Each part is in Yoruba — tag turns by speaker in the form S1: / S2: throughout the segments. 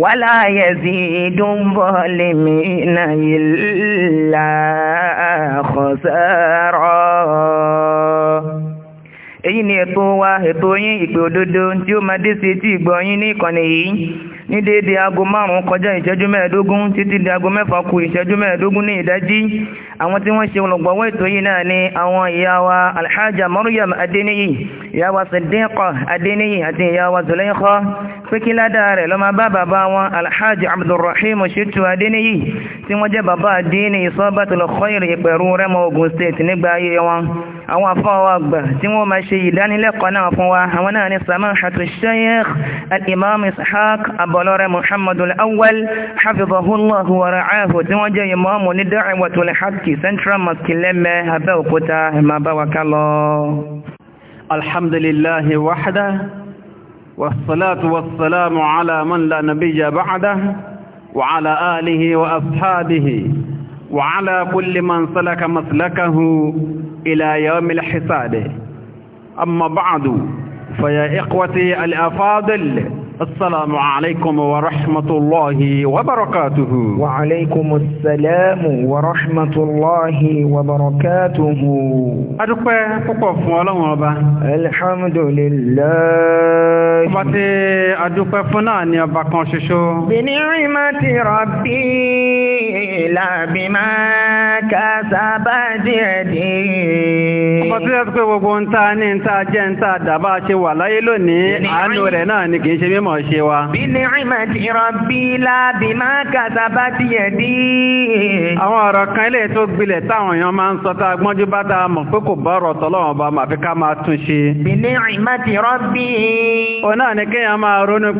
S1: wàlá yẹ̀sí ìdúnbọ̀ lèmi náà ìlà àkọsẹ́rọ̀. èyí ni ètò wa ètò yín ìpè òdodo tí ó máa dé sí etí ìgbọ́ ní ìkànnì yìí ní déédéé aago márùn-ún kọjá ìṣẹ́jú mẹ́ẹ̀ẹ́dógún títí di aago mẹ́fà kù ìṣẹ́jú mẹ́ẹ̀ẹ́dógún ní ìdájí àwọn tí wọ́n ṣe olùgbọ̀wọ́ ètò yìí náà ni àwọn ìyá wa alhaja maryam adeniyi ìyá wa sadiqa adeniyi àti ìyá wa zulaikha pé kí ládàá rẹ̀ lọ́mọ bá bàbá wọn alhaji abdulrahim shitu adeniyi tí wọ́n jẹ́ bàbá adini ìsọ́bàtìlọ́kọ́ ìrìn ìpẹ̀rú rẹ́mọ ogun state nígbà ayé wọn àwọn àfáwà àgbà tí wọ́n máa ṣe ìdánilẹ́kọ̀ọ́ náà fún wa àwọn náà ni samahatu sheikh al-imam ishaq abọlọ́rẹ muhammadul awwal hafizahullahu wa ra'ahu tí wọ́n jẹ́ imamu ní da'watul haqqi central mosque lẹ́mẹ́ abẹ́òkúta ìmàbáwakalọ́ alhamdulillahi wahda
S2: والصلاة والسلام على من لا نبي بعده وعلى آله وأصحابه وعلى كل من سلك مسلكه إلى يوم الحساب أما بعد فيا إخوتي الأفاضل السلام عليكم ورحمة الله
S1: وبركاته وعليكم السلام ورحمة الله وبركاته أدوكي فقف ولم أبا الحمد لله
S2: فاتي أدوكي فناني أبا كونششو
S1: بنعمة ربي لا بما كسبت
S2: يدي nǹkan tí wọ́n ti pé gbogbo ń ta ní ń ta jẹ́ ń ta dàbá ṣe wà láyé lónìí àánú rẹ̀ náà ni kìí ṣe mímọ̀ ṣe wa.
S1: bí ní ìmọ̀tì ìrọ̀bí láàbì máa kàtà bá ti yẹ̀ dí. àwọn ọ̀rọ̀ kan ilé tó gbilẹ̀ táwọn èèyàn máa ń sọ tá a gbọ́njú
S2: bá tá mọ̀ pé kò bá ọ̀rọ̀ tọ́lọ́wọ́n bá màfi ká máa tún ṣe. bí ni kéèyàn máa ronú o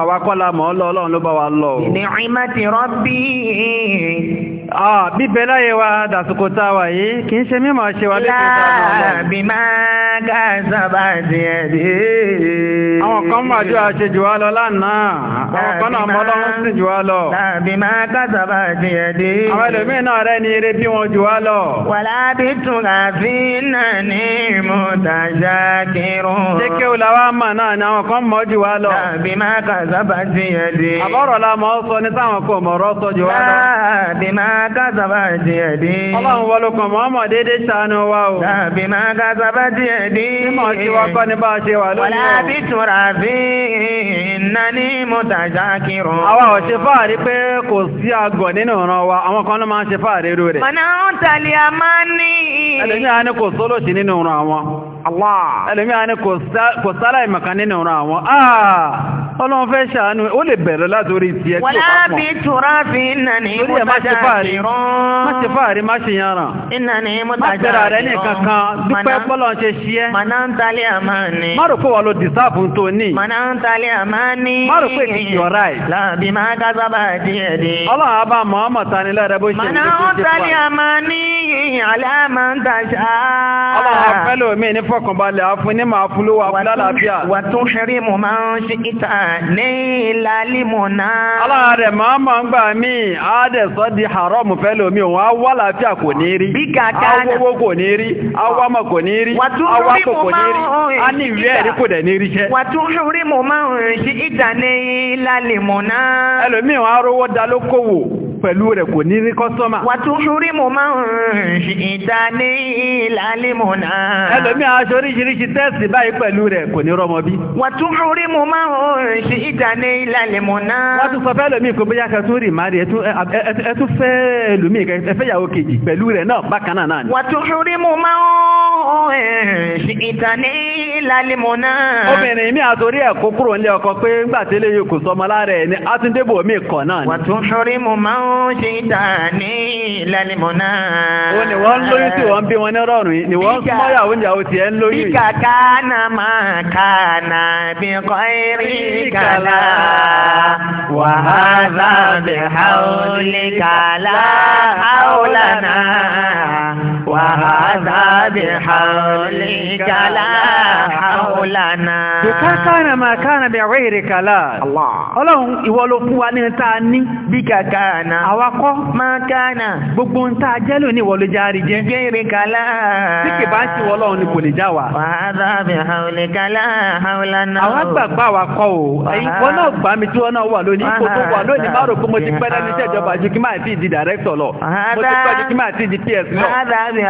S2: àwa kọ́ la mọ̀ ọ́ lọ ọlọ́run
S1: ló bá wa lọ o. bí ní ìmọ̀tì
S2: ìrọ̀bí. bíbẹ̀ yìí kì í ṣe mímọ̀ ṣe wà lẹ́kọ̀ọ́ láàbí
S1: máa
S2: gáàsàbà
S1: ti ẹ̀dí. àwọn kan mọ̀ àjọ àṣẹ jù wá lọ lánàá àwọn kan náà mọ́ lọ́wọ́ sí jù wá lọ. láàbí máa gáàsàbà ti ẹ̀dí. àwọn ẹlòmíín náà rẹ̀ ni àwọn kan mọ̀ jù wá lọ. láàbí máa gáàsàbà ti ẹ̀dí. sọ ní
S2: táwọn kò mọ̀rọ̀ sọ jù wá lọ. láàbí máa ti ẹ̀dí. ọlọ́run wọ́n mọ́mọ̀ dédé ṣàánú wa o. Tàbí máa ga sábà díẹ̀ dí. Mímọ̀ tí wọ́n kọ́ ní bá a ṣe wà lónìí. Wọ́n láti túnra
S1: sí iná ní mọ́tàjà
S2: Àwa ò ṣe fáàrí pé kò sí àgọ̀ nínú ọ̀ràn wa, àwọn kan ló máa ń ṣe fáàrí rú rẹ̀. Mọ̀nà
S1: ń tàlẹ̀ àmá ní. Ẹlẹ́yìn àá ní kò
S2: sólòṣì nínú ọ̀ràn àwọn. Allah. ẹlòmí a ní kò sára ìmọ̀kan nínú ọ̀rọ̀ àwọn àà ah! ọlọ́run fẹ́ ṣàánú ó lè bẹ̀rẹ̀ látorí ti ẹ̀kí ọ̀pọ̀ wọ́n bí tura fi nani mọ́tàṣì rán má ṣe fàárí má
S1: ṣe yanràn ìnani mọ́tàṣì rẹ̀ ní kankan ní mana ń talẹ̀
S2: alámọ̀ntàṣá. ọmọ afẹ́lò mi ní fọkànbalẹ̀ afún ní máa fún lówó afún lálàáfíà. wà tó ṣeré
S1: mo máa ń ṣe ìta ní ìlàlímọ̀ náà.
S2: aláàrẹ̀ máa máa ń gbà mí àádẹ́ di haramu fẹ́lò mi òun awọ́ làáfíà kò ní rí. bí kàkà náà awọ́wọ́ kò ní rí awọ́ ọmọ kò ní rí awọ́ akọ kò ní rí a ní ìwé ẹ̀rí kò dẹ̀ ní rí iṣẹ́.
S1: wà tó ṣeré mo máa ń ṣe ìta ní ìlàlímọ̀
S2: pẹ̀lú rẹ̀ kò ní rí kọ́sọ́mà. wàtú ṣúrí mo máa
S1: ń ṣìta ní ìlàlímọ̀nà. ẹlòmí
S2: aṣọ oríṣiríṣi tẹ́sì báyìí pẹ̀lú rẹ̀ kò ní rọmọ bí.
S1: wàtú ṣúrí mo máa ń ṣìta ní ìlàlímọ̀nà.
S2: wọ́n tún sọ fẹ́lòmí kò bóyá kẹtún rì má rí ẹtún fẹ́ lómi ẹfẹ́yàwó kejì pẹ̀lú rẹ̀ náà bákan náà náà ni. wàtú ṣúrí mo máa ń ṣìta ní
S1: ìlàlímọ̀nà. obìnrin
S2: mi àtòrí ẹ̀ kó kúrò nílé ọkọ pé ńgbà tẹ́lẹ̀ yìí kò sọmọ lára ẹ̀ ni á
S1: tún débò mí kọ̀ náà ni. wàtú ṣúrí mo máa ṣíta ní ìlànìmọ̀nà. ó ní wọ́n ń lóyún tí wọ́n ń bí wọn ní rọrùn yìí ni wọ́n ń mọ́yàwó ìyàwó tiẹ̀ ń lóyún yìí. bíkà kánà máa kánà bí kọ́ irí kàlà wàhálà bí haúlì kàlà haúlà náà. وهذا بحولك لا حول لنا بكان ما كان بغيرك لا الله ọlọ́run ìwọ ló fún wa ní ta ní bí kàkàánà àwakọ́ máa kàánà gbogbo ń ta jẹ́ lò
S2: ní ìwọ járí jẹ́ gẹ́rẹ́ kàlá tí bá ti wọ́lọ́run ni kò lè já wa wàhálàbẹ̀
S1: haulẹ̀ kàlá haulana àwọn gbàgbà
S2: àwakọ́ o wọ́n náà gbà mí tí wọ́n náà wà lónìí kò tó wà lónìí má rò mo ti pẹ́ lẹ́nu iṣẹ́ ju kí máa ti di dàrẹ́kítọ̀ lọ mo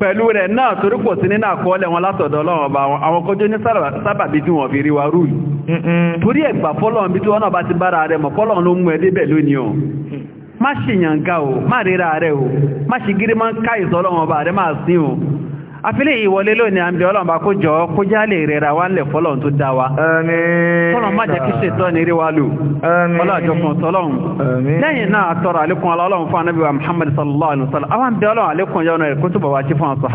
S2: pẹ̀lú rẹ̀ náà torí kò sí nínú àkọọ́lẹ̀ wọn látọ̀dọ̀ ọlọ́run ọba wọn àwọn ní sábàbí tí wọ́n fi rí wa rúù torí bí tí wọ́n náà bá ti bára rẹ̀ mọ̀ afílẹ̀ ìwọlé lónìí àmì ọlọ́run bá kó jọ kó já lè rẹra wá lẹ̀ fọ́lọ́run tó dá wa fọ́lọ́run má jẹ́ kí Muhammad sallallahu alaihi wasallam àwọn àmì ọlọ́run àlékún yọnu rẹ̀ kó túbọ̀ wá sí fún àwọn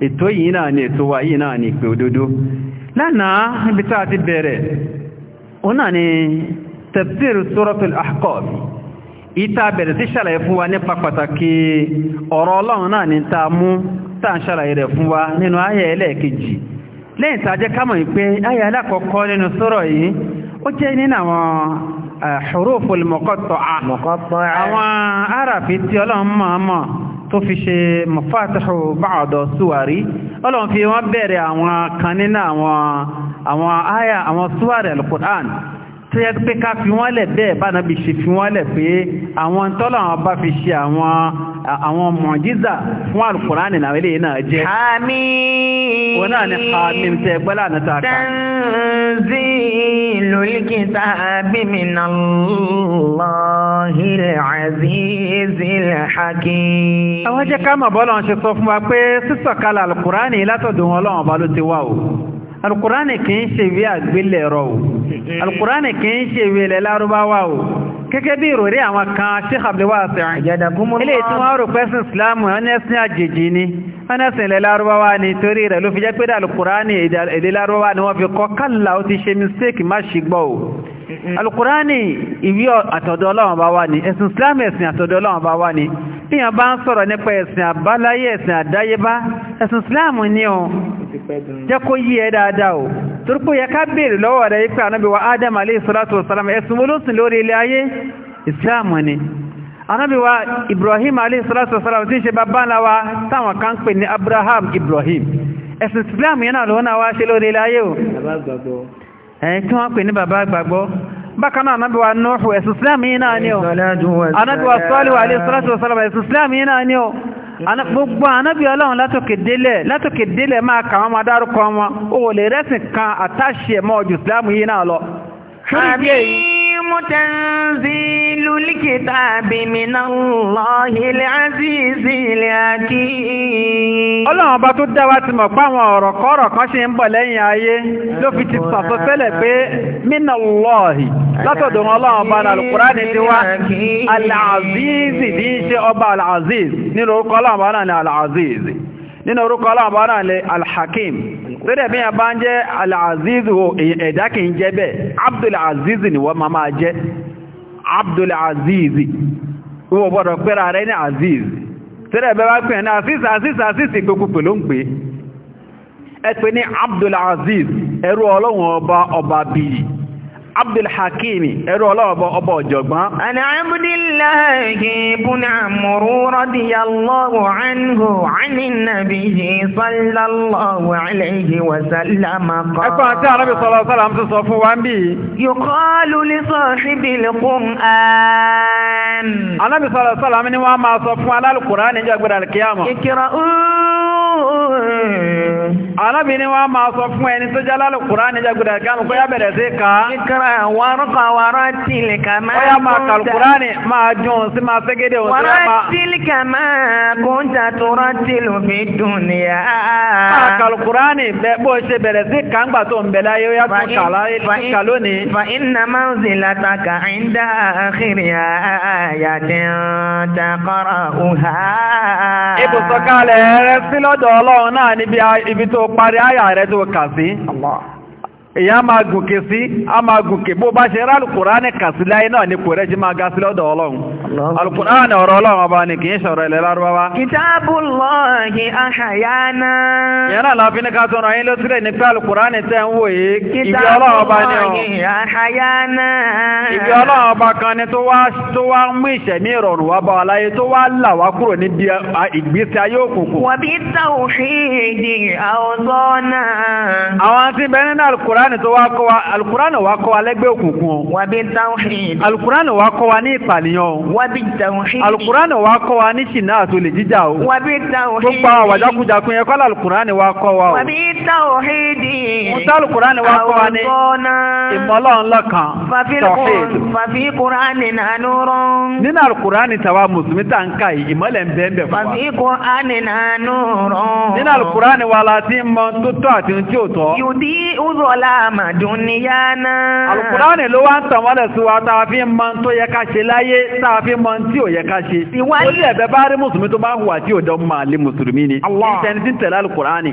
S2: ni ètò wa yìí náà ni ìpè òdodo lánàá ibi tá a ti bẹ̀rẹ̀ òun ni tafsir suratul ahqaf ìta bẹ̀rẹ̀ sí ṣàlàyé fún wa nípa pàtàkì ọ̀rọ̀ ọlọ́run náà ni ta mú tá ṣàlàyé rẹ̀ fún wa nínú ayẹ̀ ẹlẹ́ẹ̀kejì lẹ́yìn tá jẹ́ kámọ̀ pé ayẹ̀ alákọ̀ọ́kọ́ nínú sọ́rọ̀ yìí ó jẹ́ nínú àwọn hurufu al àwọn tó yẹ pé ká fi wọ́n lẹ̀ bẹ́ẹ̀ bá nàbí ṣe fi wọ́n lẹ̀ pé àwọn tọ́lọ̀ àwọn bá fi ṣe àwọn àwọn mọ̀jíza fún alukùránì náà ilé náà jẹ́.
S1: àmín. wọn náà ní àmín tẹ gbọ́lá ní ta kan. tanzilul kitabi minallahil azizil hakim. àwọn
S2: jẹ́ ká mọ̀ bọ́lá ń ṣe sọ fún wa pé sísọ̀kalẹ̀ alukùránì látọ̀dọ̀ wọn lọ́wọ́ alukurani kìí ṣe ìwé àgbélẹ̀rọ o alukurani kìí ṣe ìwé ilẹ̀ lárúbáwá o gẹ́gẹ́ bí ìròrí àwọn kan Sheikh Abdul Wasiu ilé tí wọ́n rò pẹ́sìn islamu ọ́nẹ́sìn àjèjì ni ọ́nẹ́sìn ilẹ̀ lárúbáwá ni torí rẹ̀ ló fi jẹ́ pé alukurani èdè ni wọ́n fi kọ́ kálà ó alukurani ìwé àtọ̀dọ̀ Ọlọ́run bá islam ẹ̀sìn àtọ̀dọ̀ Ọlọ́run bá wá ni bí wọ́n bá ń sọ̀rọ̀ nípa ẹ̀sìn àbáláyé islam ni o jẹ́ kó yí ẹ dáadáa o torípò yẹ ká béèrè lọ́wọ́ rẹ̀ ipẹ́ ànábì wa Adam alayhi salatu wa salam ẹ̀sùn olóòsìn lórí ilé ayé ìsìláàmù ni ànábì wa Ibrahim alayhi salatu wa salam tí ń ṣe bàbá ńlá wa táwọn kan pè ní Abraham Ibrahim ẹ̀sùn ìsìláàmù yẹn náà lọ́wọ́ náà wá ṣe lórí ilé ayé o ẹ̀yìn tí wọ́n pè náà anábíwa Nuhu ẹ̀sùn ìsìláàmù náà ni o anábíwa sọ́ọ̀lù alayhi gbogbo ànábì ọlọ́run látòkè délẹ̀ látòkè délẹ̀ máa kà wọ́n máa dárúkọ wọn o lè rẹ́sìn kan àtàṣì ẹ̀mọ́ ọjọ́ ìsìlámù yìí náà lọ. ṣé ìgbé
S1: yìí تنزيل الكتاب من الله العزيز الحكيم
S2: ọlọ́run ọba tó dá wa ti mọ̀ pé àwọn ọ̀rọ̀ kọ́rọ̀ kan ṣe ń bọ̀ lẹ́yìn ayé ló fi ti sọ̀tọ̀ tẹ́lẹ̀ pé mínà lọ́ọ̀hì látọ̀dọ̀ wọn ọlọ́run ọba Al-Qur'ani ti wá al bí í ṣe ọba al nínú orúkọ ọlọ́run ọba náà ni al nínú orúkọ ọlọ́run ọba náà ni al sẹ́dẹ̀ bí yàn bá ń jẹ́ al-aziz ẹ̀dá kìí jẹ́ bẹ́ẹ̀ abdul-aziz ni wọ́n máa máa jẹ́ abdul-aziz wọ́n gbọ́dọ̀ pẹ́ra rẹ̀ ní aziz sẹ́dẹ̀ bẹ́ bá pẹ̀ ní aziz aziz aziz ìgbókù pẹ̀lú ń pè ẹ pè ní abdul-aziz ẹrú ọlọ́run ọba ọba bíi abdulhakimi ẹ̀rọ ọlọ́ọ̀bọ̀ ọba ọ̀jọ̀gbọ́n.
S1: àni abdullahi ibùn àmúrú radiyallahu anhu ani nabiyyi sallallahu alayhi wa sallam kọ́. ẹ̀kọ́ àti ànábì sallallahu sallam ti sọ fún wa ń bí. yuqalu li sahibil
S2: qur'an. ànábì sallallahu sallam ni wọ́n máa sọ fún alálùkùrán níjọ́ gbẹ̀rẹ̀ alkiyama. iqra'u arábìnrin wa máa sọ fún ẹni tó já lálù kùrá ní jagudà gánù kó yá bẹ̀rẹ̀ sí ká ìkàrà wárọ́kà wárọ́ tìlìkà máa kó yá máa kàlù kùrá ní máa dùn sí máa ségédé òun sí máa tìlìkà
S1: máa kó ń jà tó rọ́ ṣe bẹ̀rẹ̀ sí ká ńgbà tó ń bẹ̀ láyé ó yá tún kà lónìí. fa iná máa ń zè látàkà ń dá àyàdẹ̀ ń takọ́rọ̀ òhà. Ibùsọ̀kalẹ̀ rẹ
S2: sí lọ́dọ̀ Ọlọ́run náà níbi tó parí àyà rẹ tó kà sí èyàn máa gùnkè sí a máa gùnkè bó bá ṣe rá alùkùránì kàsí láyé náà ní kò rẹ̀ jí máa ga sí lọ́dọ̀ ọlọ́run alùkùránì ọ̀rọ̀ ọlọ́run ọba ni kìí ṣọ̀rọ̀ ilẹ̀ lárúbáwá.
S1: kìtàbùllàhi àhàyánà. ìyẹn
S2: náà wa láyé tó wá là wá kúrò níbi ìgbésí ayé òkùnkùn.
S1: wàbí tàwùfíìdì àwòzọ́
S2: alukurani tó wá kọ́ wa alukurani wá kọ́ wa lẹ́gbẹ́ òkùnkùn o. wà á bí tawhid. alukurani wá kọ́ wa ní ìpànìyàn o. wà á bí tawhid. alukurani wá kọ́ wa ní ṣìnà àti olè jíjà o. wà á
S1: bí tawhid. gbogbo àwọn wàjákujákun
S2: yẹn kọ́lá alukurani wá kọ́ wa o. wà á bí
S1: tawhid. musa alukurani wá kọ́ wa ní
S2: ìmọ̀lọ́run lọ́kan. fàfi
S1: kurani nanu rán.
S2: nínú alukurani kurani
S1: nanu rán. nínú alukurani wà àmàdúnníyáná. àlùkùránì
S2: ló wá ń tàn wọ́lẹ̀ sí wa tá a fi mọ tó yẹ ká ṣe láyé tá a fi mọ tí ò yẹ ká ṣe. ìwádìí ó lè bẹ bá rí mùsùlùmí tó bá hùwà tí ò dán máa lé mùsùlùmí ni. ìṣẹ́ni tí ń tẹ̀lé àlùkùránì.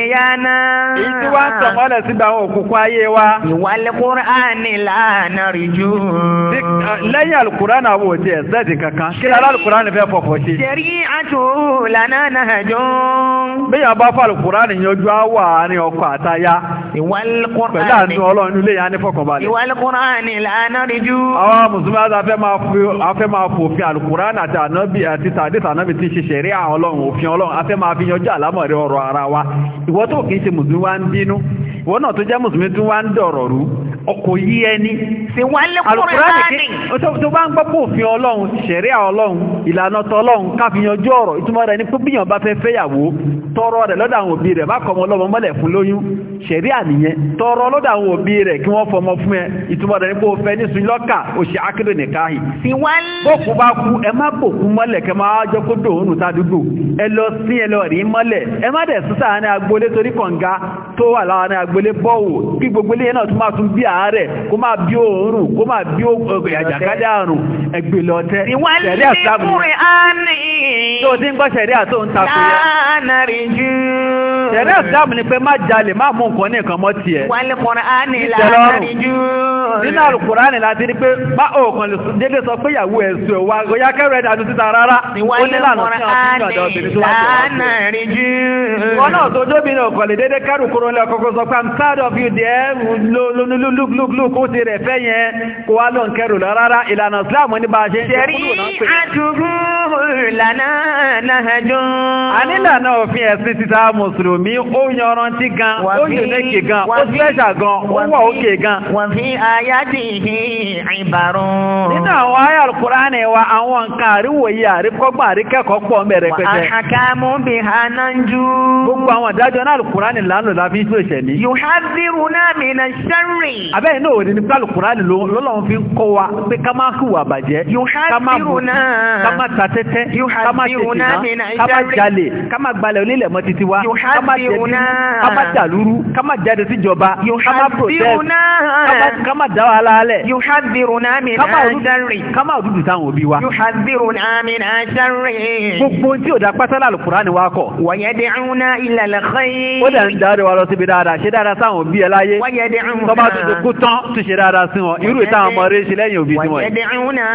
S1: àríyáná. èyí tí wọ́n ń tọ̀mọ́lẹ̀
S2: síbi àwọn òkùnkùn ayé wa. ìwàlẹ̀ kúránì lánàá
S1: rí jù. lẹ́yìn
S2: alukùránì àwọn òde ẹ̀sẹ̀dì kankan kí ni alukùránì fẹ́ fọ̀fọ̀ ṣe.
S1: ṣẹ̀rí àtò lánàá náà jọ. bẹ́ẹ̀ bá fọ alukùránì yanjú
S2: àwọ̀ àárín ọkọ̀ àtayá. ìwàlẹ̀ kúránì
S1: lánàá rí jù. àwọn mùsùlùmí
S2: àti àfẹ́ máa fi yanjú àlámọ̀rí ọ̀rọ̀ ara wa ìwọ tó kìí ṣe mùsùlùmí wá ń bínú ìwọ náà tó jẹ́ mùsùlùmí tún wá ń dọ̀rọ̀ rú ọkọ̀ yí ẹni tó bá ń gbọ́pọ̀ òfin ọlọ́run ṣẹ̀ríà ọlọ́run ìlànà tọlọ́run káfíyanjú ọ̀rọ̀ ìtumọ̀ rẹ̀ ní pípíyàn bá fẹ́ fẹ́yàwó tọrọ rẹ̀ lọ́dọ̀ àwọn òbí rẹ̀ bá kọmọ ọlọ́mọ mọ́lẹ̀ fún lóyún ṣẹ̀ríà nìyẹn tọrọ lọ́dọ̀ àwọn òbí rẹ̀ kí wọ́n fọmọ fún ẹ ìtumọ̀ rẹ̀ ní pé o fẹ́ ní sun lọ́kà òṣì akérè nìkáhì bókun tó wà láàrin agbélé bọ́wò kí gbogbo náà tún máa tún bí àárẹ̀ kó máa bí òórùn kó máa bí àjàkálẹ̀ àrùn ẹgbẹ́ lọ́tẹ́ ṣẹ̀rí àtàbùn
S1: tó ti ń gbọ́ ṣẹ̀rí àtòǹtakùn yẹn
S2: ṣẹ̀rẹ́ ìsìlámù ni pé má jalè má mú nǹkan ní nǹkan mọ́ ti ẹ̀ nínú alùkùránì láti rí pé má òkàn lè sún dédé sọ pé ìyàwó ẹ̀sùn ẹ̀wà ọ̀yá kẹ́rẹ́ ìdájú síta rárá ó ní lànà sí ọ̀sán ọ̀dọ̀ obìnrin tó wá jẹ́ wọn náà tó jóbìnrin ọ̀kàn lè dédé kúrò lẹ́ ọkọ̀kọ́ sọ pé i'm tired of you there lólúlúlúlúlúlú ó ti rẹ̀ fẹ́ yẹn kó wá lọ́n kẹ́rù lọ rárá ń ṣe kúrò náà mùsùlùmí ó yanrantí gan ó yòlẹ́kì gan ó sẹ́ṣà
S1: gan ó wà òkè gan. wọ́n fi ayatihi ibarun. nínú àwọn ayé alukurani wa àwọn
S2: nǹkan àríwòye àríkọ́gbọ́n àríkẹ́kọ̀ọ́ pọ̀ mẹ́rẹ̀ pẹ́tẹ́. wà á
S1: hakamu bihananju. gbogbo àwọn ìdájọ́ náà
S2: alukurani lánàá la fi ń sòṣẹ̀ ní.
S1: yuhadhiruna minash sharri.
S2: abẹ́yẹn náà ò ní nípa alukurani lọ́lọ́run fi ń kọ́ wa pé ká má hùwà bàjẹ́ ká má bù ká má tatẹ́tẹ́ ká má tètè ká má jalè ká má gbalẹ̀ onílẹ̀ mọ́ titi wa ká má má jẹ̀bi ká má dàlúrú ká má jáde síjọba ká má protest ká
S1: má dá wàhálà alẹ̀ ká má rúdù táwọn òbí wa. gbogbo tí ò dá pátálà
S2: lùkùrá ni wá kọ̀.
S1: wàyẹ̀dẹ̀rúnà ìlànà kẹ́yìn. ó dẹ̀ ń dáre wa lọ síbi dáadáa ṣe dáadáa sáwọn
S2: òbí ẹ láyé. wàyẹ̀dẹ̀rúnà tọ́ba tó ti kú tán tún ṣe dáadáa sí wọn irú ìtàn ọmọ rẹ ṣe lẹ́yìn òbí tiwọn.
S1: wàyẹ̀dẹ̀rúnà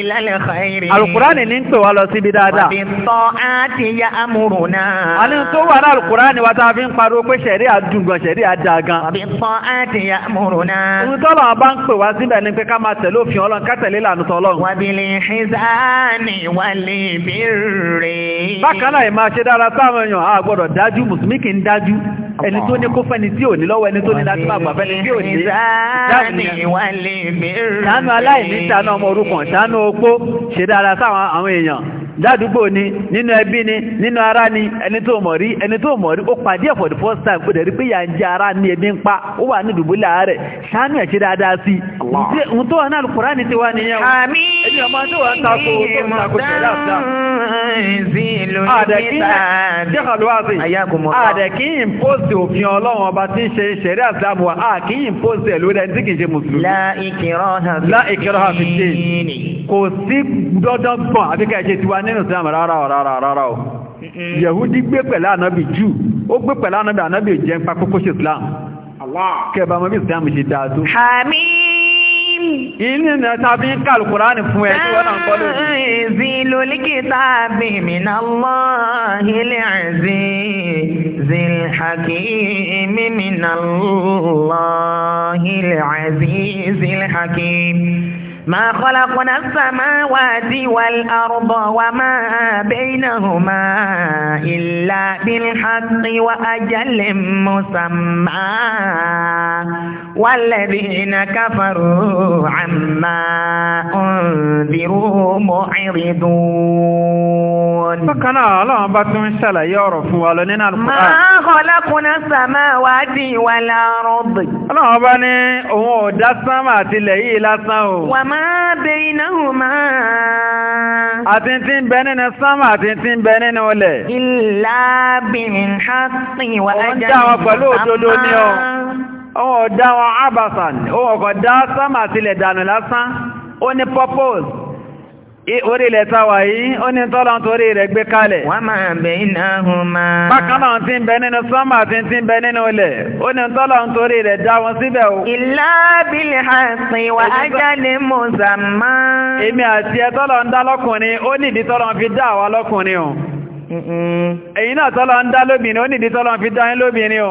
S1: ìlànà kẹ́yìn. alukurani
S2: ní ń pè wá lọ síbi dáadáa. wàbí
S1: tọ́ á ti ya amúrùnà. àní tó wà ní alukurani náà ni wá
S2: tá a fi ń pariwo pé ṣẹ̀rí àdùngàn ṣẹ̀rí àdàgàn. àbíkọ́ àti àmúrò náà. ohun tọ́lọ̀ bá ń pè wá síbẹ̀ ni pé ká máa tẹ̀lé òfin ọlọ́run ká tẹ̀lé ìlànà tọ́lọ́run. wàbílì ṣìṣàánì
S1: wàlẹ̀ ìbéèrè. bákan náà
S2: ìmáa ṣe dára sáwọn èèyàn a gbọ́dọ̀ dájú mùsùlùmí kì í ẹni tó ní kó fẹ́ni tí ò ní lọ́wọ́ ẹni tó ní láti máa gbà tí ò ní.
S1: ṣàánú aláìní ṣàánú ọmọ
S2: orúkọ ṣàánú opó ṣe dára sáwọn àwọn èèyàn ládùúgbò ni nínú ẹbí ni nínú ará ni ẹni tó mọ̀ rí ẹni tó mọ̀ rí ó pàdé ẹ̀ for the first time ó dẹ̀ rí pé yà ń jẹ ara ní ebi ń pa ó wà ní ìdùbúlẹ̀ ààrẹ ṣáánú ẹ̀ ṣe dáadáa sí i ohun tó wà náà Kùránì ti wá nìyẹn o
S1: ẹni ọmọ tó wà ń takò tó ń takò ṣẹlẹ̀ àfíà zilu nígbàtí ayakumọ̀ ààdẹ̀
S2: kí n pòsì òfin ọlọ́run ọba tí ń ṣe ṣẹ̀rí àsìlámù wa àà kí n pòsì ẹ̀ lórí ẹni tí kìí ṣe mùsùlùmí láìkìrọ̀ àfi ṣe kò sí dọ́dọ́ gbọ́n àfikà ìṣe tiwa nínú ìsìlámù rárá rárá rárá o yẹ̀húdí gbé pẹ̀lú ànábì jù ó gbé pẹ̀lú ànábì ànábì jẹ́ ń pa kókó ṣe islam kẹbàmọ́ bí islam ṣe dáa tó. hamid Ìní ni ẹta bí ń kàlù
S1: Kùránì fún ẹ tí wọ́n náà kọ́ lórí. Ẹ̀ẹ́zì lóríkítà bí mìnà lọ́ ilẹ̀ ẹ̀zì zìlhàkì mímìnà lọ́ ilẹ̀ ẹ̀zì zìlhàkì. ما خلقنا السماوات والأرض وما بينهما إلا بالحق وأجل مسمى والذين كفروا عما أنذروا معرضون فكان الله
S2: باتون شلا يعرف ولنا ما خلقنا السماوات والأرض الله بني هو دسما تلهي لسنا وما
S1: بينهما أتنتين
S2: بيننا السما أتنتين بيننا ولا إلا
S1: بالحق وأجل مسمى
S2: O dá wọn abasan ó ọkọ̀ dá sámà sílẹ̀ dànù lásán ó ni purpose orílẹ̀ tàwà le ó ní o ni rẹ̀ gbé kalẹ̀ wọ́n máa bẹ̀ iná hùn máa bákaná tí ń bẹ nínú sọ́mà tí ń tí ń bẹ nínú ilẹ̀ ó ní tọ́lọ torí rẹ̀ dá o ìlà bílẹ̀ àsìn wà ájálẹ̀ mọ̀sàmá èmi àti ẹ tọ́lọ ń dá lọ́kùnrin ó nìdí tọ́lọ fi dá àwa lọ́kùnrin o èyí náà tọ́lọ ń dá lóbìnrin ó nìdí tọ́lọ fi dá yín o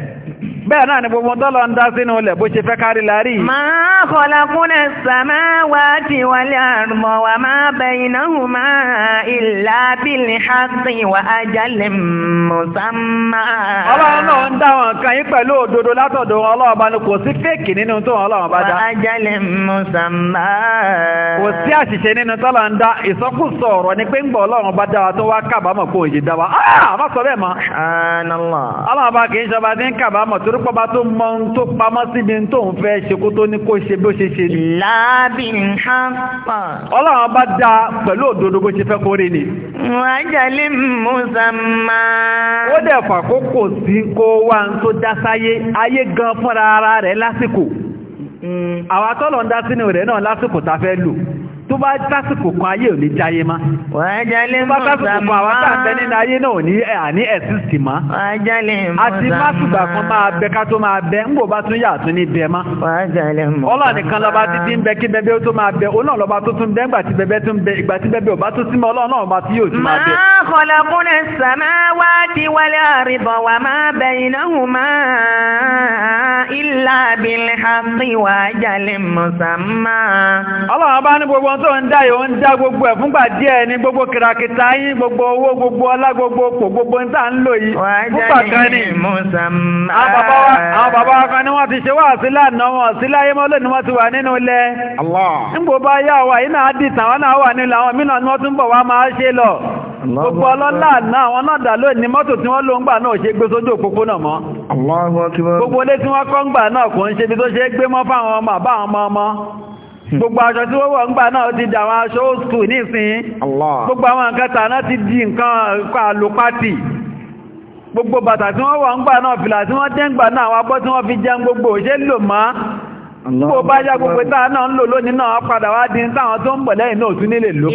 S2: bẹ́ẹ̀ náà ni gbogbo tọ́lọ ń dá sínú ilẹ̀ bó ṣe fẹ́ kárí lárí.
S1: máa kọlọkúnlẹ̀ sàmáwàtí wàlẹ̀ àrùmọ̀ wà máa bẹ̀yìn náà máa ìlà bílì hàtì wà ájálẹ̀ mùsàmá.
S2: ọlọ́run náà ń dá wọn kan yín pẹ̀lú òdodo látọ̀dọ̀ ọlọ́run bá ní kò sí fèkì nínú tó ọlọ́run bá dá. wà ájálẹ̀ mùsàmá. kò sí àṣìṣe nínú tọ́lọ ń dá ìsọkúsọ ọ̀rọ̀ ni pé torí pọba tó mọ ohun tó pamọ́ síbi tó ń fẹ́ ṣe kó tó ní kó ṣe bí ó ṣe ṣe ni. láàbì ń hàn pọ̀. ọlọ́run bá dá pẹ̀lú òdodo bó ṣe fẹ́ kó rí ni.
S1: wájàlí mùsàmá.
S2: ó dẹ̀ fà kó sí kó wá ń tó dá sáyé ayé gan fúnra ara rẹ̀ lásìkò. Mm. àwa tọ́lọ̀ ń dá sínú rẹ̀ náà lásìkò tá a fẹ́ lò tó bá tásìkò kan ayé ò ní jáyé ma wàjálẹ̀ mọ̀ sàmà tásìkò kan àwọn tá à ń bẹ nínú ayé náà ní àní ẹ̀sìsì má. wàjálẹ̀ mọ̀ sàmà àti másùgbà kan máa bẹ ká tó máa bẹ ń bá tún yà ní bẹ má. wàjálẹ̀ mọ̀ sàmà nìkan lọ́ba títí ń bẹ kí bẹbẹ tó máa bẹ òun lọ́ba tó tún bẹ ńgbà tí bẹbẹ tún bẹ ìgbà tí bẹbẹ ò bá tún símọ ọba tí yóò
S1: tó ń dá yóò ń dá gbogbo ẹ̀ fúngbà díẹ̀ gbogbo kìràkìtà
S2: yín gbogbo owó gbogbo ọlá gbogbo òpò gbogbo ń tà ń lò yìí fúngbà kan ní
S1: àwọn bàbá kan wọ́n ti ṣe wá wọn mọ́ lónìí wọ́n ti wà nínú ilẹ̀
S2: nígbò bá yá wa yìí náà tàwọn náà wà nílò àwọn ni lọ gbogbo ọlọ́lá àwọn náà dà lónìí mọ́tò tí wọ́n ló ń gbà náà Hmm. gbogbo aṣọ tí wọ́wọ́ ń gbà náà ti wọn aṣọ old school nísìn gbogbo àwọn nǹkẹta náà ti di nǹkan àlòpátì gbogbo bàtà tí wọ́n ń gbà náà fìlà tí wọ́n dẹ́ngbà náà àwọn tí wọ́n fi jẹun gbogbo òṣè lò má gbogbo bá yá gbogbo táà náà ń lò lónìí náà padà wá táwọn tó ń bọ̀ lẹ́yìn náà tún nílè ló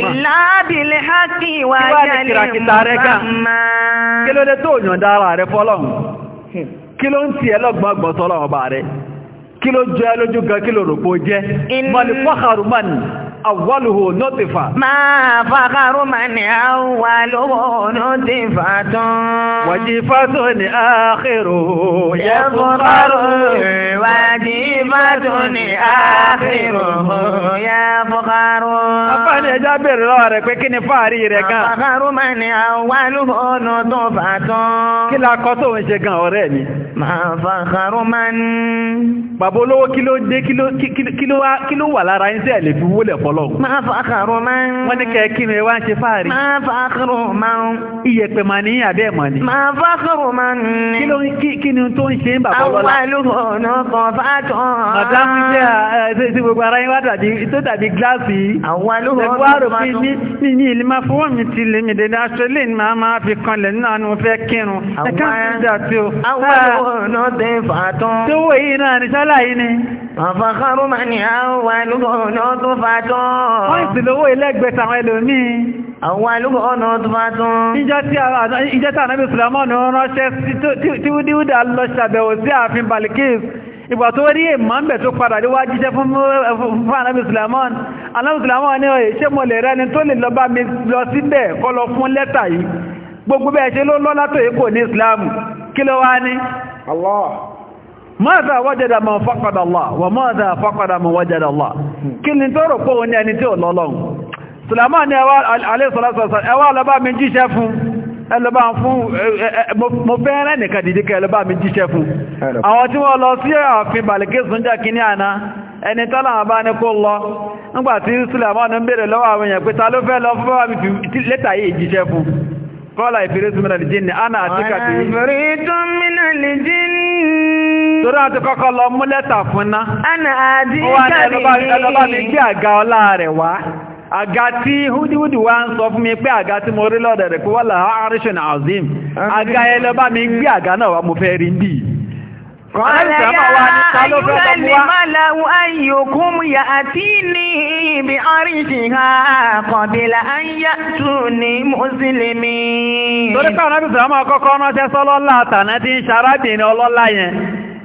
S2: ìlàbìlẹ̀ kí ló jẹ́ lójú gan kí ló rò pé ó jẹ́
S1: mọ̀lì fọ́kàrù awwaluhu nutifa. máa fàkàrù máa ní awwaluhu nutifa tán. wàjífà tó ní àkèrò yẹ fọ́kàrù. wàjífà tó ní àkèrò yẹ fọ́kàrù. afáàní ẹja bèrè lọ́wọ́ rẹ̀ pé kí ni fáàrí rẹ̀ gan. fàkàrù máa ní awwaluhu nutifa tán. kí la kọ́ tó ń ṣe gan ọ̀rẹ́ mi. máa fàkàrù máa ní. bàbá olówó kí ló dé kí ló
S2: wà lára yín sí lè fi wólẹ̀ fọlọ́ ọlọ́run. máa
S1: fa àkàrò máa ń. wọ́n ní kẹ́ kí ni
S2: wá ń ṣe fáàrí. máa fa àkàrò máa ń. iyẹ̀pẹ̀ máa ní àbẹ́ ẹ̀ mọ̀ ni.
S1: máa fa àkàrò
S2: máa ń kí ló ń kí ni tó ń ṣe ń bàbá lọ́la. àwọn olùkọ́nà kan bá
S1: tán. màdámù jẹ́ ẹ ṣe gbogbo ara yín wá tàbí tó tàbí gíláàsì. àwọn olùkọ́nà máa tán.
S2: mi ní ìlú máa fọwọ́ mi ti lè mi dédé aṣọ
S1: Pọ́ìntì lówó ilẹ́gbẹ̀ta àwọn ẹlòmí. Àwọn alúgbò ọ̀nà
S2: tó máa tún. Ìjọ́ tí ànábì Sùlámọ́nù ránṣẹ́ tí Wúdíwúdà lọ ṣàbẹ̀wò sí ààfin Balikis. Ìgbà tó rí ìmọ̀ǹbẹ̀ tó padà rí wá jíṣẹ́ fún ànábì Sùlámọ́n. Ànábì Sùlámọ́n ní ọ̀yẹ̀ ṣé mo lè rẹ́ni tó lè lọ bá mi lọ síbẹ̀ kọ́ lọ fún lẹ́tà yìí. Gbogbo bẹ́ẹ̀ ṣe ló lọ́lá tó yẹ kò ní Ìsìlámù. Kí ló wá ní? Allah. ماذا وجد من فقد الله وماذا فقد من وجد الله كل نتورو كو ني اني تي اولولون سليمان عليه الصلاه والسلام اوا لا من جيشه fún mo nìkan mi jíṣẹ́ fún àwọn tí wọ́n lọ sí àná ẹni tọ́lá ní kó lọ nígbàtí ń bèèrè lọ́wọ́ àwọn èèyàn ló fẹ́ lọ
S1: fún Torí àti kọ́kọ́ lọ mú lẹ́tà fún ná. Ana àdí kàrí. Ẹnu bá mi gbé àga
S2: ọlá rẹ̀ wá. Àga tí húdíhúdí wá ń sọ fún mi pé àga tí mo rí lọ́dẹ̀ rẹ̀ kó wà láà Arishin Azim. Àga ẹ lọ bá mi gbé àga náà wá mo fẹ́ rí bí. Kọ́lá yá ayúwẹ̀
S1: ní ibi àríṣì
S2: ha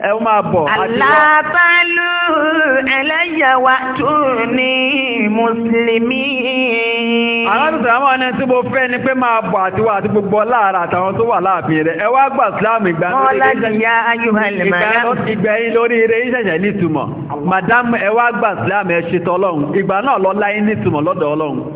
S2: ẹ ó máa bọ̀. alábàálù ẹlẹ́yàwá tó ní
S1: mùsùlùmí.
S2: alábìsọ̀ àwọn ọ̀nà tí mo fẹ́ ni pé máa bọ̀ àti àti gbogbo láàárọ̀ àtàwọn tó wà láàfin rẹ̀ ẹ wá gbà síláàmù ìgbà ìgbẹ̀yìn lórí eré ìṣẹ̀ṣẹ̀ nítumọ̀ madam ẹ wá gbà síláàmù ẹ ṣetọ́ ọlọ́run ìgbà náà lọ́lá nítumọ̀ lọ́dọ̀ ọlọ́run.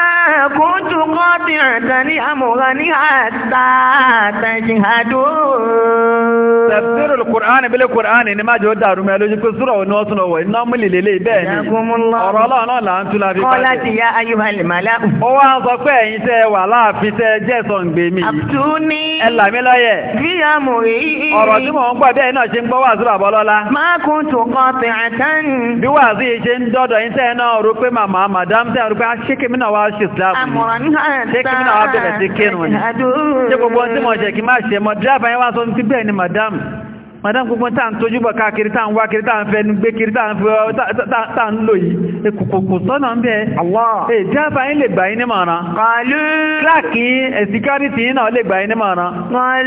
S1: كنت قاطعة لأمرا حتى تشهدون tafsir al bil qur'ani
S2: ni ma jo daru me loji ko sura woni o suno woni na muli lele be ni ọ̀rọ̀ la na la ntula bi ba ya
S1: ayuha al-mala ó wá sọ pé ẹ̀yin
S2: tẹ́ wà la fi tẹ́ jẹ so ngbe mi abtuni ela mi loye bi amuri ọ̀rọ̀ tí mo npa be na ṣe npo wa sura bolola ma kuntu qati'atan bi wa zi ṣe ndodo yin tẹ́ na rò pé mama madam tẹ́ rò pé a ṣe kemi na wa ṣe dáàbò ni ṣé kí mi náà wá bẹ̀rẹ̀ sí kírun ni ṣé gbogbo tí mo ṣe kí má ṣe mọ́ dírẹ́fà yẹn wá sọ ní ti bẹ́ẹ̀ ni madam madam gbogbo tá ń tójú bọ̀ káàkiri tá ń wá kiri tá ń fẹ́ ní gbé kiri tá ń fẹ́ tá ń lò yìí ekùkùkù sọ́nà ń bẹ́ ẹ̀ dírẹ́fà yín lè gbà yín ní mọ̀ràn kíláàkì security yín náà lè gbà yín ní mọ̀ràn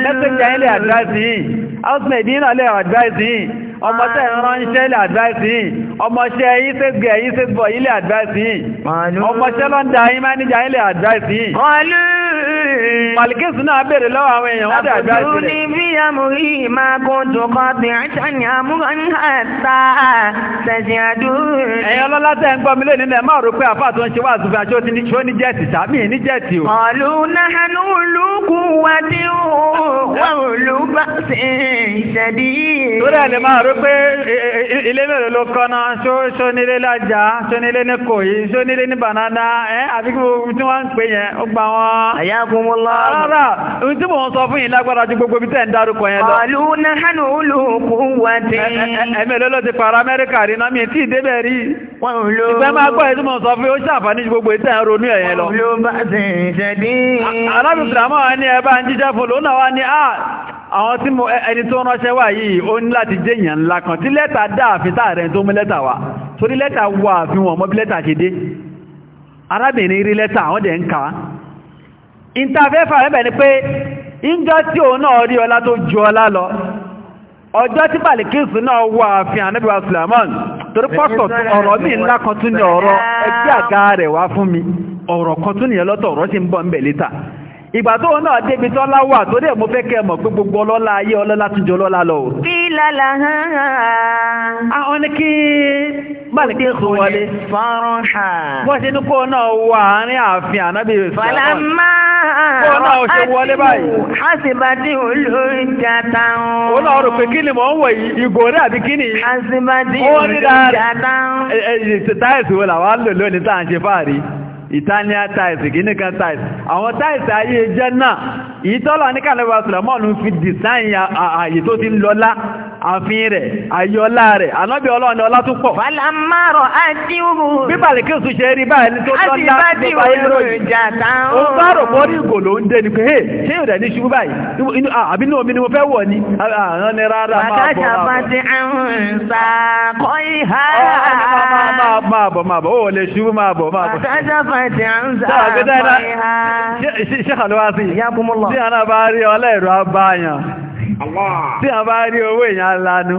S2: lẹ́sẹ̀kì yín lè advice yín housemaid yín náà lè advice yín ọmọ tẹ́ ń ránṣẹ́ ilẹ̀ àdíváìsì yìí ọmọṣẹ́ yìí ṣe gbé ẹ̀yí ṣe bọ̀ ilẹ̀ àdíváìsì
S1: yìí ọmọṣẹ́ ló ń da yín máníjà ilẹ̀ àdíváìsì yìí. kọlu malikisu náà béèrè lọ́wọ́ àwọn èèyàn wọ́n dé àdíváìsì rẹ̀. àbùdù ní bí amúrí máa kó dùkọ́ bí àtàní amúrò ń hàtà tẹ̀sí àdúró. ẹ̀yin ọlọ́lá tẹ́ ń gbọ́ mi lónìí náà máa rò pé
S2: àfáà tó ń ṣe wá àtúnfẹ́ àti ó ní jẹ́ẹ̀tì sàmì ní jẹ́ẹ̀tì o. kọlu náà ló
S1: lókun wá dé o
S2: ba'sin shadid. ẹ̀ lè máa rú pé ilé mẹ́rin ló kọ́nà ṣó nílé lájà, ṣó nílé ní kòyí, ṣó nílé ní bànádá, ẹ́ àbí kí gbogbo tí wọ́n ń pè yẹn, ó gbà wọ́n. Ayakumullah. Rárá, ohun tí mò ń sọ fún yín lágbára ju gbogbo bí tẹ̀ ń dárúkọ yẹn lọ. Qalu nahnu ulu quwwatin. Ẹ̀mí ló ló ti para Amẹ́ríkà rí náà mi tí ì débẹ̀ rí. Ìgbẹ́ ń sọ fún àwọn àwọn tí mo ẹni tó ránṣẹ́ wà yìí ó ní láti jẹ́ èèyàn ńlá kan tí lẹ́tà dáàfin táàrẹ tó mú lẹ́tà wá torí lẹ́tà wà àfin wọn mọ́ bí lẹ́tà ṣe dé arábìnrin rí lẹ́tà àwọn dẹ̀ ń kà á ìntàfẹ́fà ẹ̀bẹ̀ ni pé ìjọ tí òun náà rí ọlá tó ju ọlá lọ ọjọ́ tí Bàlíkísù náà wà àfin ànábìwá Suleiman torí pọ́tọ̀ ọ̀rọ̀ mi ńlá kan tún ní ọ̀rọ̀ ẹgbẹ́ àga rẹ̀ wá fún mi ọ̀rọ̀ kan tún nìyẹn lọ́tọ̀ ọ̀rọ̀ sì ń bọ̀ ń bẹ̀ lẹ́tà ìgbà tó wọn náà débi tó ọlá wà tó dẹ̀ mo fẹ́ kẹ́ mọ̀ pé gbogbo ọlọ́lá ayé ọlọ́lá tún jọ ọlọ́lá lọ. kí
S1: lálá hàn án. àwọn ní kí báàlìkí ń sùn wọlé. fọ́nrán hà.
S2: wọ́n ṣe ní kó náà wà àárín ààfin ànábì. fàlà máa kó náà ṣe wọlé báyìí.
S1: hasibadi olórí jata ń. ó náà rò pé kí ni
S2: mò ń ìtàníà táìsì kìíní kan táìsì àwọn táìsì ayé jẹ́ náà ìtọ́lọ̀ ní kàlẹ́wà sùlẹ̀mọ́nù fi dìsáìn ààyè tó ti lọ́lá àfin rẹ̀ ayé ọlá rẹ̀ ànábì ọlọ́ọ̀ni ọlá tún pọ̀. wàlá márọ̀ àdíwù. bí bàlìkísù ṣe rí báyìí ní tó lọ́lá ló bá yé lóyè. ó bá rò pọ́ ní ìgò ló ń dé ni pé hey ṣé ìrẹ̀ ní ṣubú báyìí àbí ní omi ni mo fẹ́ wọ̀ ni. àwọn ni rárá máa bọ̀ wá. wàkàtà bá ti ń sa kọ́ ìhà máa máa bọ̀ máa bọ̀ ó lè ṣubú máa bọ̀ máa bọ̀. àtàjà fàìtì à ń sá àmọ́ ìhà. ṣé àlùwá sí i tí àná bá rí ọlẹ́rọ lanu.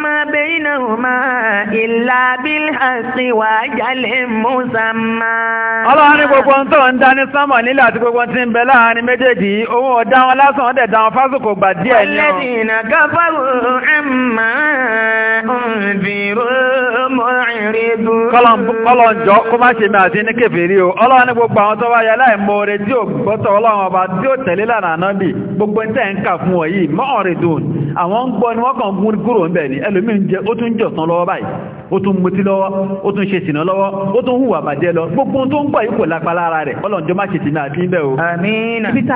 S1: ìlà bílhàsì wa jálẹ̀ mùsàmá.
S2: ọlọ́run ní gbogbo ohun tó ń dání sánmọ̀ nílẹ̀ àti gbogbo tí ń bẹ láàrin méjèèjì owó ọ̀dá wọn lásán ọ̀dẹ̀ dá wọn fásitì gbà díẹ̀ ni. ọlẹ́dì iná
S1: káfáwò ẹ̀mà òǹdìrò mọ́rìnrìndù.
S2: kọ́lọ̀ jọ kó má ṣe mi àti ní kèfèrí o ọlọ́run ní gbogbo àwọn tó wá yẹ láì mọ oore tí ò gbọ́tọ̀ ọlọ́run ọba tí ò tẹ̀lé lànà ànábì gbogbo ní tẹ̀ ń kà fún ọ yìí mọ́ọ̀rìndùn àwọn ń gbọ́ ni wọ́n ó tún mutí lọ́wọ́ ó tún ṣe sìnà lọ́wọ́ ó tún hùwà bàjẹ́ lọ gbogbo tó ń gbọ́ yìí kò rẹ̀ ọlọ́njọ́ má ṣe ti náà fi ń bẹ̀ o. amiina ibi tá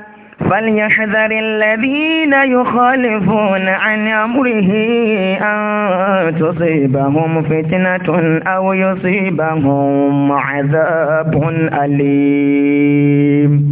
S1: فليحذر الذين يخالفون عن أمره أن تصيبهم فتنة أو يصيبهم عذاب أليم